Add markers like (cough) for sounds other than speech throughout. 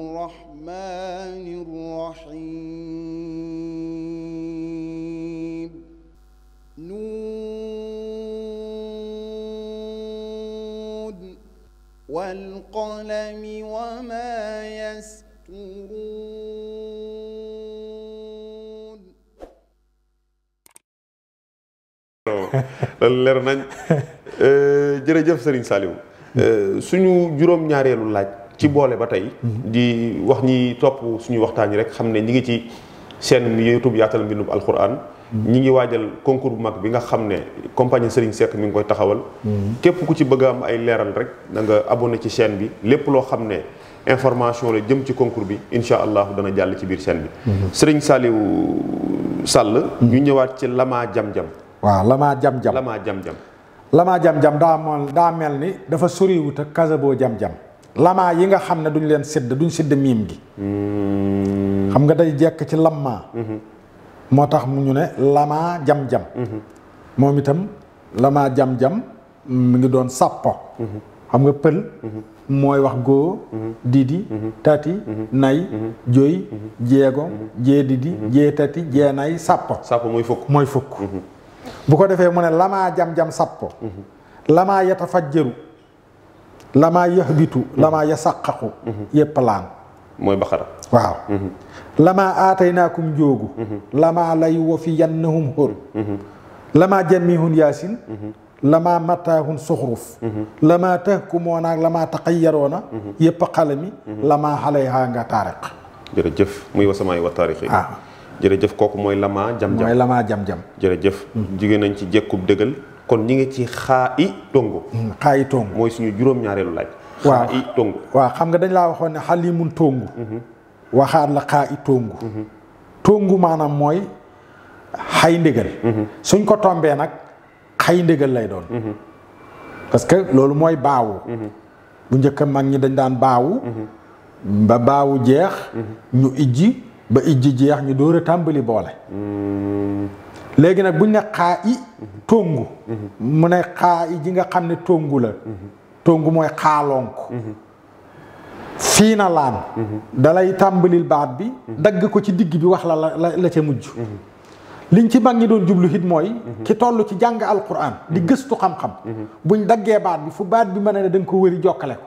الرحمن الرحيم نون والقلم وما suñu juróom-ñaareelu laaj ci boole ba tey. di wax ñi topp suñu waxtaan yi rek xam ne ñi ngi ci seen YouTube yaatal mbindum alxuraan. ñi ngi waajal concours bu mag bi nga xam ne compagnie Serigne Seck mi ngi koy taxawal. képp ku ci bëgg am ay leeral rek da nga abonné ci chaîne bi lépp loo xam ne information la jëm ci concours bi incha allah dana jàll ci biir seen bi. Serigne Saliou Sall. ñu ñëwaat ci Lama Jam Jam. waaw lamaa Jam Jam Lama Jam Jam. Lama Jam Jam daa mel daa mel ni dafa soriwut ak Jam Jam. lamaa yi nga xam ne duñ leen sidd duñ sidd miim gi hmm. xam nga day jekk ci lammaa mm-hmm. moo tax mu ñu ne lamaa jam-jam mm-hmm. moom itam lamaa jam-jam mu ngi doon sàppo mm-hmm. xam nga pël mooy wax góo didi tati nay joy jeego jee didi jee tati jee nay sàppo sàppo mooy fukk mooy fukk bu ko defee mu ne lamaa jam-jam sàppo lamaa yata fajjaru lamaa yahbitu lamaa yasaqaqu yépp laan mooy baqara waaw mhm. lamaa aataynaakum joogu mhm. lamaa lay wa fi yannahum xóor mhm. lamaa jannihun yaasin lamaa mataahun suxruf lamaa tahkumoona lamaa taxayaroona yépp xalami lamaa xalayhaa nga taariq jërëjëf muy wasamaay wa taariq yi ah. jërëjëf kooku mooy lamaa jam jam mooy lamaa jam jam jërëjëf jigéen nañ ci jekkub dëggal kon ñi ngi ci xaa i tongo mm, xaa i tongo mooy suñu juróom-ñaareelu laaj xaa i tongo waaw xam nga dañ laa waxoon ne xalimun tongu mm-hmm. waxaat la xaa i tongu mm-hmm. tongu maanaam mooy xay ndégal mm-hmm. suñ ko tombee nag xay ndégal lay doon parce que loolu mooy baawu bu njëkk mag ñi dañ daan baawu ba baawu jeex ñu ijji ba ijji jeex ñu door a tàmbali boole léegi nag buñ ne xaa i tongu mu ne xaa i ji nga xam ne tongu la tongu mooy xaalonk fii na laan dalay tàmbalil baat bi dagg ko ci digg bi wax la la la ca mujj liñ ci mag ñi doon jublu hit mooy ki toll ci jàng alquran di gëstu xam-xam buñ daggee baat bi fu baat bi mën a ne da ko wëri jokkale ko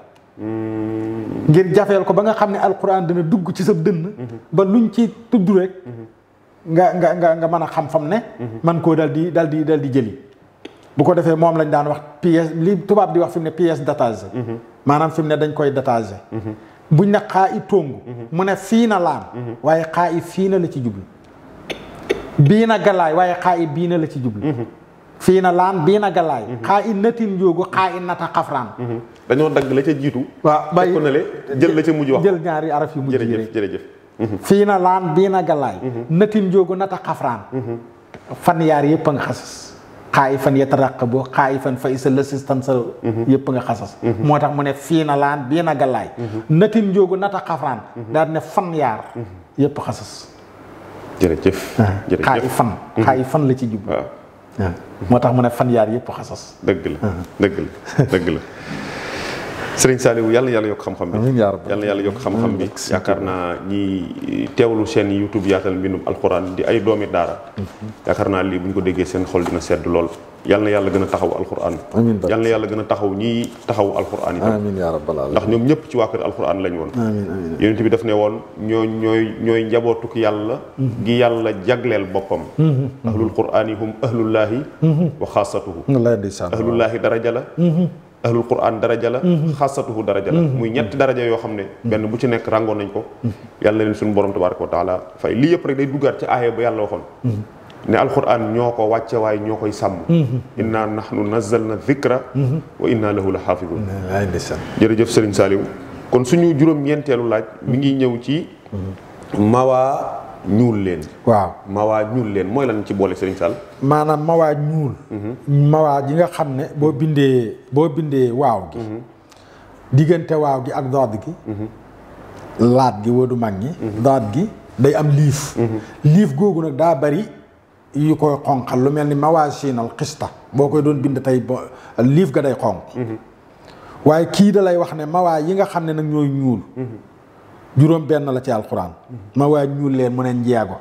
ngir jafeel ko ba nga xam ne alquran dina dugg ci sa dënn ba luñ ci tudd rek nga nga nga nga mën a xam fam ne. Mhm. man koo dal di dal di dal di jëli. bu ko defee moom lañ daan wax pièce li tubaab di wax fi ne pièce détachée. Mhm. maanaam fi ne dañ koy détachée. Mhm. buñ ne xaa i tóngu. mu ne fii na laam. waaye xaa i fii na la ci jublu. bii na galaay waaye xaa i bii na la ci jublu. fii na laan bii na galaay. xaa i natin njóogu xaa i nata xafraan. dañoo dagg la ca jiitu. waaw bay jël la ca mujj wax jël ñaari araf yu mujj yi rek fii na laan bii na galaay mhm. natin joogu nata xafraan mhm. fan yaar yëpp a nga xasas xaa i fan yeta raq boo xaa i fan fay sa lësis tan sa yëpp a nga xasas mhm. moo tax mu ne fii na laan bii na galaay natin joogu nata xafraan daal ne fan yaar yëpp xasas jërëjëf ah, xaa i fan xaa i fan la ci jublu ah. moo tax mu ne fan yaar yëpp xasas dëgg ah. dëgg la sëriñ Saliou yàlla yàlla yokk xam-xam bi yàlla yàlla yokk xam naa ñi teewlu seen YouTube yaatal mbindum alxuraan di ay doomi daara mhm. yaakaar naa lii bu ñu ko déggee seen xol dina sedd lool yàlla na yàlla gën a taxaw alxuraan yàlla gën a taxaw ñi taxaw alxuraan yi ndax ñoom ñëpp ci waa kër alxuraan lañ woon yonent bi daf ne woon ñooy ñooy ñooy njabootuk yàlla mhm. gi yàlla jagleel boppam mhm, ahlul quraan yi hum ahlullaahi wa xaasatuhu ahlullaahi daraja la ahlul quran daraja la mhm. xasatuhu daraja la mhm. muy ñetti daraja yoo xam ne mhm. benn bu ci nekk ràngoon nañ ko yàlla leen suñu borom tabaraka wa taala fay lii yëpp rek day duggaat ci aaya ba yàlla waxoon ne alquran ñoo ko wàcce waaye ñoo koy sàmm inna nahnu nazzalna dhikra wa inna lahu la xaafidun jërëjëf Serigne Saliou kon suñu juróom ñeenteelu laaj mi ngi ñëw ci mawaa ñuul leen. waaw mawaa ñuul leen mooy lan ci boole Serigne Sall. maanaam mawaa ñuul. Mhm. mawaa ji nga xam ne boo bindee boo bindee waaw gi. Mhm. diggante waaw gi ak dood gi. Mhm. laat gi wóodu mag ñi. dood gi day am liif. liif googu nag daa bari yu koy xonqal lu mel ni mawaa siinal xista boo koy doon bind tey bo liif ga day xonq. waaye kii da lay wax ne mawaa yi nga xam ne nag ñooy ñuul. juróom benn la ci alxuraan. ma waa ñuul leen mu ne njeego.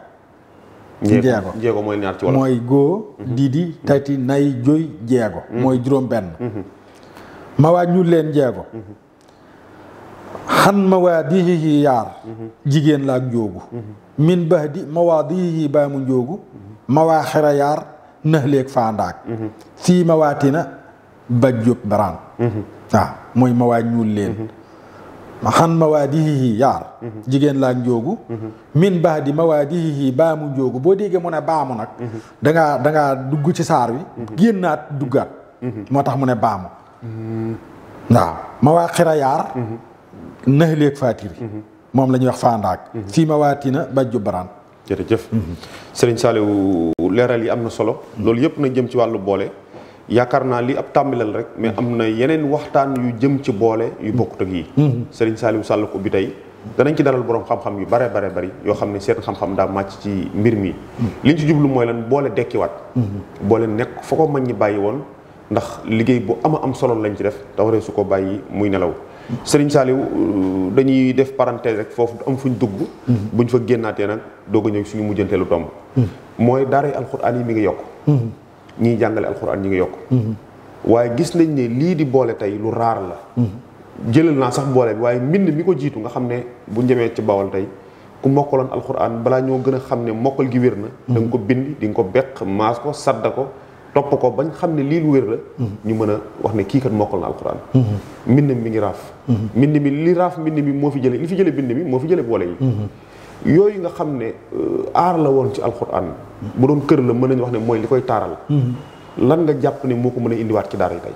njeego mooy ñaar ci wolof mhm. Mhm. nay joy jeego. Mhm. mooy juróom benn. ma waa ñuul leen njeego. xan ma waa dihihi yaar. jigéen la ak jóogu. min bax di ma waa dihihi baa mu njóogu. ma waa xera yaar nax leeg faandaak. fii ma waa tina ba jóob baraan. waaw mooy ma waa ñuul leen. xan ma maxan mawaadihihi yaar jigéen laa njoogu min baa di ma waa mawaadihihi baamu njoogu boo déggee mu ne baamu nag da ngaa dugg ci saar wi génnaat duggaat moo tax mu ne baamu waaw mawaaxira yaar naxleeg faatiri moom la ñuy wax faandaak fii ma waa mawaatina bajju baraan jërëjëf sëriñ Saliou leeral yi am na solo loolu yëpp na jëm ci wàllu boole yaakaar naa li ab tàmbaleel rek mais am na yeneen waxtaan yu jëm ci boole yu bokkut ak yi Serigne Saliou Sall ko bi tey danañ ci dalal boroom xam-xam yu bare bare bari yoo xam ne seen xam-xam daa màcc ci mbir mi li ñu ci jublu mooy lan boole dekkiwaat boole nekk foo ko mag ñi bàyyi woon ndax liggéey bu ama am solo lañ ci def te waree su ko bàyyi muy nelaw Serigne Saliou euh, dañuy def parenthèse rek foofu am fu ñu dugg buñ fa génnaatee nag doog a ñëw suñu mujjanteelu hmm. mooy daaray alxuraan yi mi ngi yokk hmm. ñiy jàngale alxuraan ñi ngi yokk waaye gis nañ ne lii di boole tey lu raar la jëlal naa sax boole bi waaye mbind mi ko jiitu nga xam ne bu njëmee ci bawal tey ku mokkaloon alxuraan balaa ñoo gën a xam ne mokkal gi wér na da ko bind di nga ko beq maas ko sadda ko topp ko bañ xam ne lii lu wér la ñu mën a wax ne kii kat mokkal na alxuraan mbind mi ngi raaf mbind mi li raaf mbind mi moo fi jële li fi jële mbind mi moo fi jële boole yi yooyu nga xam ne euh, aar la woon ci alxuraan mu doon kër la mën nañu wax ne mooy li koy taaral mm-hmm. lan nga jàpp ne moo ko mën a indiwaat ci daara yi tey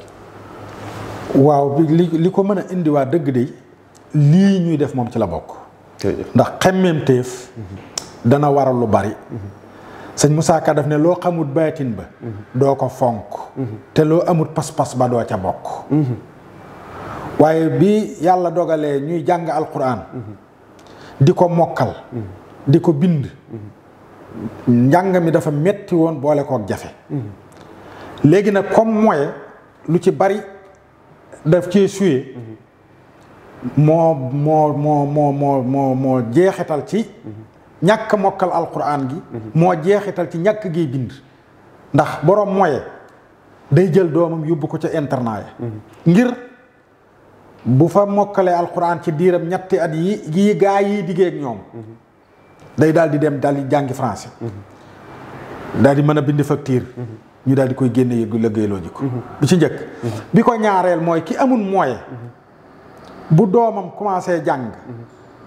waaw bi li li ko mën a indiwaat dëgg de lii ñuy def moom ci la bokk ndax xemmeem téef mm-hmm. dana waral lu bari mm-hmm. sëñ Moussa Ka daf ne loo xamut baatin ba doo ko fonk te loo amut pas-pas ba doo ca bokk waaye bi yàlla dogalee ñuy jàng alxuraan di ko mokkal di ko bind njàng mi dafa metti woon boole kook jafe léegi nag comme mooy lu ci bari daf cee suyee moo moo moo moo moo moo moo jeexital ci ñàkk mokkal alquran gi moo jeexital ci ñàkk giy bind ndax boroom mooy day jël doomam yóbbu ko ca internat ngir bu fa mokkalee alquran ci diiram ñetti at yi yii gaa yi digéeg ñoom day daal di dem dal di jàngi français daal di mën a bind facture ñu daal di koy génne yëggu lëggéeyloo ji ko bu ci njëkk bi ko ñaareel mooy ki amul moyen bu doomam commencé jàng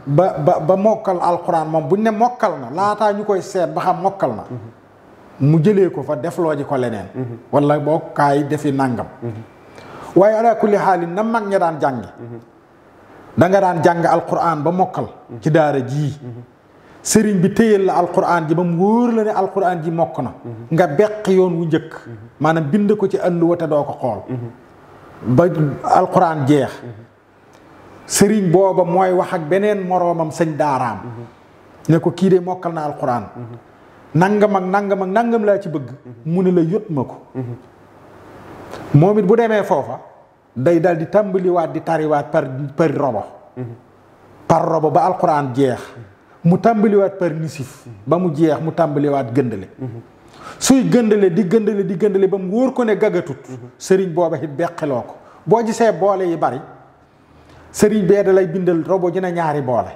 ba ba mokkal alxuraan moom buñ ne mokkal na laataa ñu koy seet ba xam mokkal na mu jëlee ko fa defloo ji ko leneen wala boo defi nàngam waaye ala kulli xaalin na mag ña daan jàngi mhm. da daan jàng alquran ba mokkal mhm. ci daara jii mhm. sëriñ bi téyel la alquran ji ba mu wóor la ne alquran ji mokk na nga beq yoon wu njëkk maanaam bind ko ci alluwa te doo ko xool ba alquran jeex sëriñ booba mooy wax ak beneen moroomam sëñ daaraam ne ko kii de mokkal na alquran nangam ak nangam nangam laa ci bëgg mu ne la yot ma ko moom it bu demee foofa day dal di tàmbaliwaat di tariwaat par par robo par robo ba alquran jeex mu tàmbaliwaat par nisif ba mu jeex mu tàmbaliwaat gëndale suy gëndale di gëndale di gëndale ba mu wóor ko ne gagatut sëriñ booba it beqiloo ko boo gisee boole yi bari sëriñ bee da lay bindal robo dina ñaari boole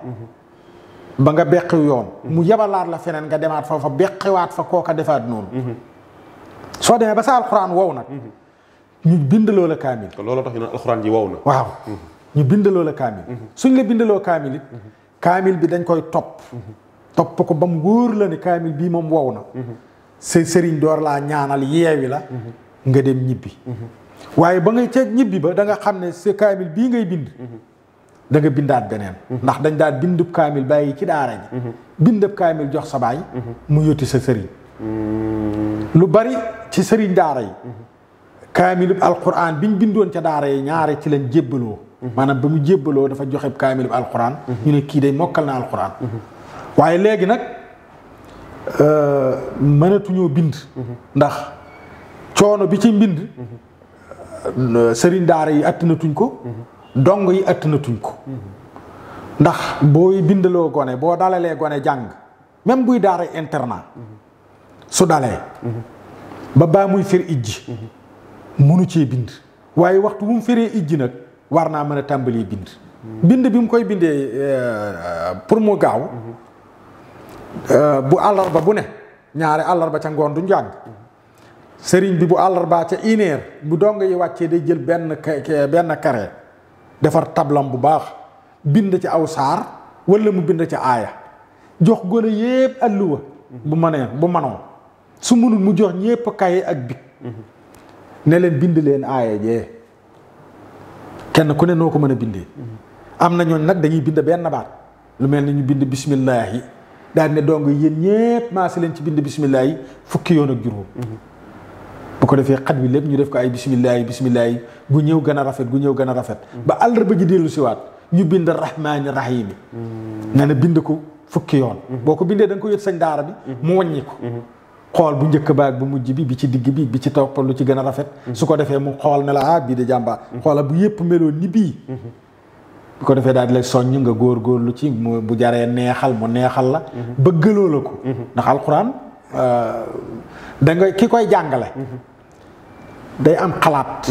ba nga beqi yoon mu yebalaat la feneen nga demaat foofa beqiwaat fa kooka defaat noonu soo demee ba sa alquran wow nag ñu bindaloo la kaamil. looloo tax ñu naan alxuraan ji waaw ñu bindaloo la kaamil. suñ la bindaloo kaamil kaamil bi dañ koy topp. topp ko ba mu wóor la ne kaamil bii moom wow na. sa sëriñ door laa ñaanal yeewi la. nga dem ñibbi. waaye ba ngay ceeg ñibbi ba da nga xam ne sa kaamil bii ngay bind. da nga bindaat beneen ndax dañ daal bindub kaamil bàyyi ci daara ji bindub kaamil jox sa baay mu yotti sa sëriñ lu bari ci sëriñ daara yi kaamilub alxuraan bi ñu bindoon ca daara yi ñaare ci lañ jébbaloo mhm. maanaam ba mu jébbaloo dafa joxe kaamilub alquran mhm. ñu ne kii day mokkal na alquran mhm. waaye léegi nag euh, mënatuñoo bind ndax coono bi ci mbind euh, sëriñ daara yi attanatuñ ko dong yi attanatuñ ko ndax booy bindaloo gone boo dalalee gone jàng même buy daara internat su dalee ba baa muy fir ijji mënu cee bind waaye waxtu wu mu feree ijji nag war naa mën a tàmbali bind bind bi mu koy bindee euh, pour mu gaaw euh, bu àllarba bu ne ñaari àllarba ca ngoon du njàng sëriñ bi bu àllarbaa ca une bu dong yi wàccee day jël benn benn carré defar tablam bu baax bind ci aw saar wala mu bind ca aaya jox gone yépp alluwa bu mënee bu mënoo su mënul mu jox ñépp kaye ak big ne leen bind leen aaya jee kenn ku ne noo ko mën a bindee am na ñooñ nag dañuy bind benn baat lu mel ni ñu bind bismillaahi daal ne dong yéen ñépp maa leen ci bind bismillaahi fukki yoon ak juróom bu ko defee xat bi lépp ñu def ko ay bismillaahi bismillaahi gu ñëw gën a rafet gu ñëw gën a rafet ba àllarba ji dellu siwaat ñu bind rahmaani rahiimi nga mm. ne bind ko fukki yoon mm-hmm. boo ko bindee da nga ko yët sañ daara bi mu wàññi xool bu njëkk ba bu mujj bi bi ci digg bi bi ci topp lu ci gën a rafet mhm. su ko defee mu xool ne la ah bii de jàmbaar mhm. xoola bu yépp meloon ni bii mhm. bu ko defee daal di la soññ nga góor góorlu ci mu bu jaree neexal mu neexal la bëggaloo la ko ndax alxuraan euh, da nga ki koy jàngale day am xalaat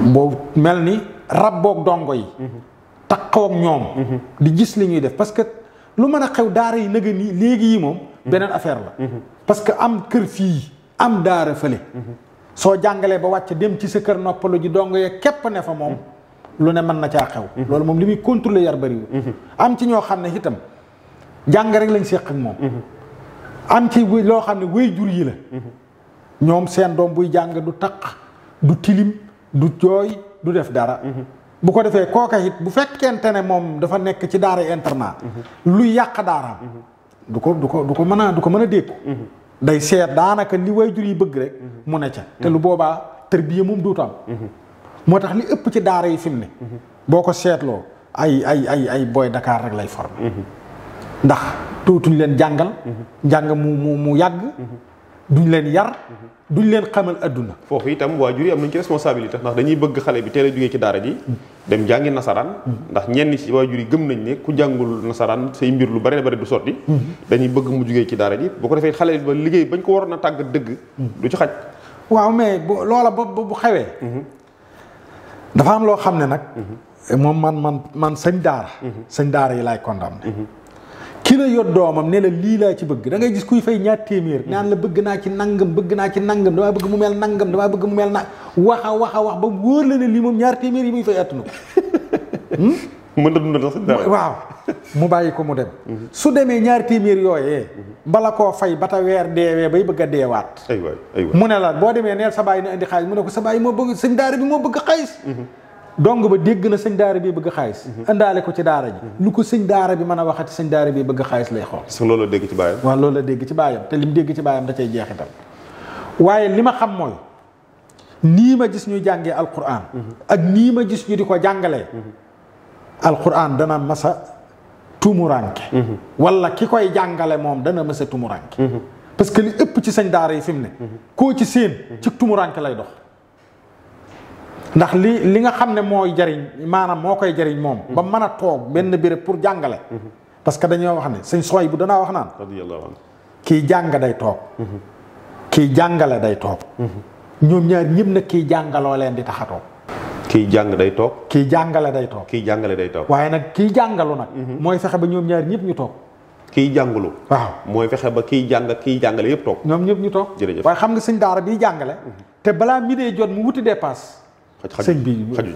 boo mel ni rab boog dongo yi taxaw ak ñoom di gis li ñuy def parce que lu mën a xew daara yi nëgë léegi yi moom beneen affaire la. Mhm. parce que am kër fii am daara fële. Mhm. soo jàngalee ba wàcc dem ci sa kër noppalu ji dong yee képp ne fa moom. Mhm. lu ne mën na caa xew. loolu moom li muy contrôler yar bariwul. am ci ñoo xam ne itam jàng rek lañ séq ak moom. am loo xam ne waajur yi la. ñoom seen doom buy jàng du taq du tilim du jooy du def dara. bu ko defee kooka bu fekkente ne moom dafa nekk ci daara internat. luy yàq daaraam. du ko du ko du ko mën a du ko mën a dégg mhm. day seet daanaka li waajur yi bëgg rek mhm. mu ne ca mhm. te lu boobaa tërbiya moom duutu am moo tax li ëpp ci daara yi fi mu ne boo ko seetloo ay ay ay ay booy Dakar rek lay formé ndax tuutuñ leen jàngal njàng mu mu mu yàgg duñ leen yar duñ leen xamal adduna. foofu itam waajur yi am nañ ci responsabilité ndax dañuy bëgg xale bi teel a jógee ci daara ji. dem jàngi nasaraan. ndax ñenn ci waa yi gëm nañ ni ku jàngul nasaraan say mbir lu bare bare du sotti. dañuy bëgg mu jógee ci daara ji boo ko defee xale ba liggéey bañ ko waroon a tàggat dëgg. du ci xaj. waaw mais bu loola ba bu xewee. dafa am loo xam ne nag. moom man man man sëñ daara. Mhm. sëñ daara yi laay condamné. Mhm. ki la yor doomam ne la lii laa ci bëgg dangay gis kuy fay ñaar téeméer naan la bëgg naa ci nangam bëgg naa ci nangam damaa bëgg mu mel nangam damaa bëgg mu mel na waxa a wax a wax ba wóor la ne lii moom ñaar téeméer yi muy fay attunu ko (laughs) mën na dundal sax waaw mu bàyyi ko mu dem mhm. su demee ñaar téeméer yooyee mhm. bala koo fay ba ta weer deewee bay bëgg deewaat ay waay mu ne la boo demee neel sa baay na indi xaalis mu ne ko sa baay moo bëgg sëñ daara bi moo bëgg xaalis mhm. dong ba dégg na sëñ daara bi bëgg xaalis mhm. indaale ko ci daara ji mhm. lu ko sëñ daara bi mën a waxati sëñ daara bi bëgg xaalis lay xool sax loolu la dégg ci baayam waaw loolu la dégg ci baayam te lim dégg ci baayam da cay jeexital waaye li ma xam mooy nii ma gis ñuy jàngee alquran mhm. ak nii ma gis ñu di ko jàngalee alquran dana masa tumuranke wala ki koy jàngale moom dana masa tumuranke parce que li ëpp ci sëñ daara yi fi mu ne koo ci seen ci tumuranke lay dox ndax li li nga xam ne mooy jariñ maanaam moo koy jariñ moom mm-hmm. ba mën a toog benn béréb pour jàngale mm-hmm. parce que dañoo wax ne sëñ sooy bu danaa wax naan kii jàng day toog mm-hmm. kii jàngale day toog ñoom ñaar ñëpp nag kii jàngaloo leen di tax toog kii jàng day toog kii jàngale day toog kii jàngale day toog waaye nag kii jàngalu nag mooy fexe ba ñoom ñaar ñëpp ñu toog kii jàngalu waaw mooy fexe ba kii jàng kii jàngale yëpp toog ñoom ñëpp ñu toog jërëjëf waaye xam nga sëñ daara bii jàngale te balaa mi dee jot mu wuti dépasse sëñ bi xaju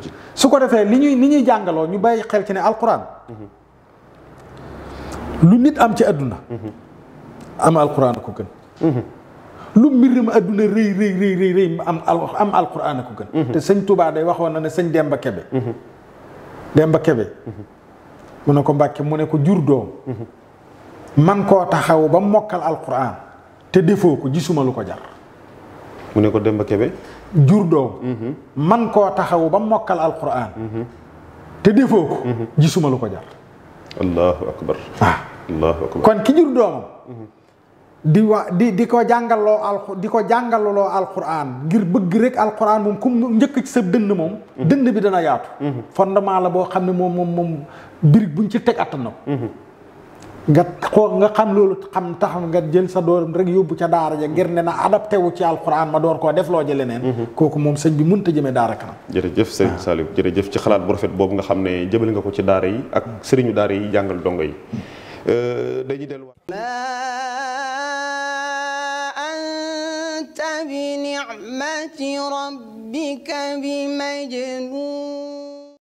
ci ah su ko defee li ñuy li ñuy jàngaloo ñu bàyyi xel ci ne alquran mm-hmm. lu nit am ci àdduna mm-hmm. am alquran ko gën mm-hmm. lu mbirum àdduna rëy rëy rëy am am alquran ko gën te sëñ Touba day waxoon na ne sañ Demba Kebe Demba Kebe mu ne ko Mbàkke mu ne ko jur doom man koo taxaw ba mokkal alquran te defoo ko gisuma lu ko jar mu ne ko Demba Kebe jur doom man koo taxawu ba mokkal alquran te defoo ko gisuma lu ko jar allahu akbar ah. kon ki jur doomam di wa di di ko jàngaloo al di ko jàngaluloo alquran ngir bëgg rek alquran moom ku njëkk sa dënd moom dënd bi dana yaatu mhm. fondement la boo xam ne moom moom moom birig buñ ci teg attan na nga xoo nga xam loolu xam tax nga jël sa doom rek yóbbu ca daara ja ngir ne na adapté wu ci alquran ma door koo def loo jëlee neen mm-hmm. kooku moom sëñ bi mënta jëmee daara kanam jërëjëf sëriñ ah. Saliou jërëjëf ci xalaat bu rafet boobu nga xam ne jëmale nga ko ci daara yi ak sëriñu daara yi jàngal dongo yi euh, dañuy delluwaat anta bi ni'mati rabbika bi majnun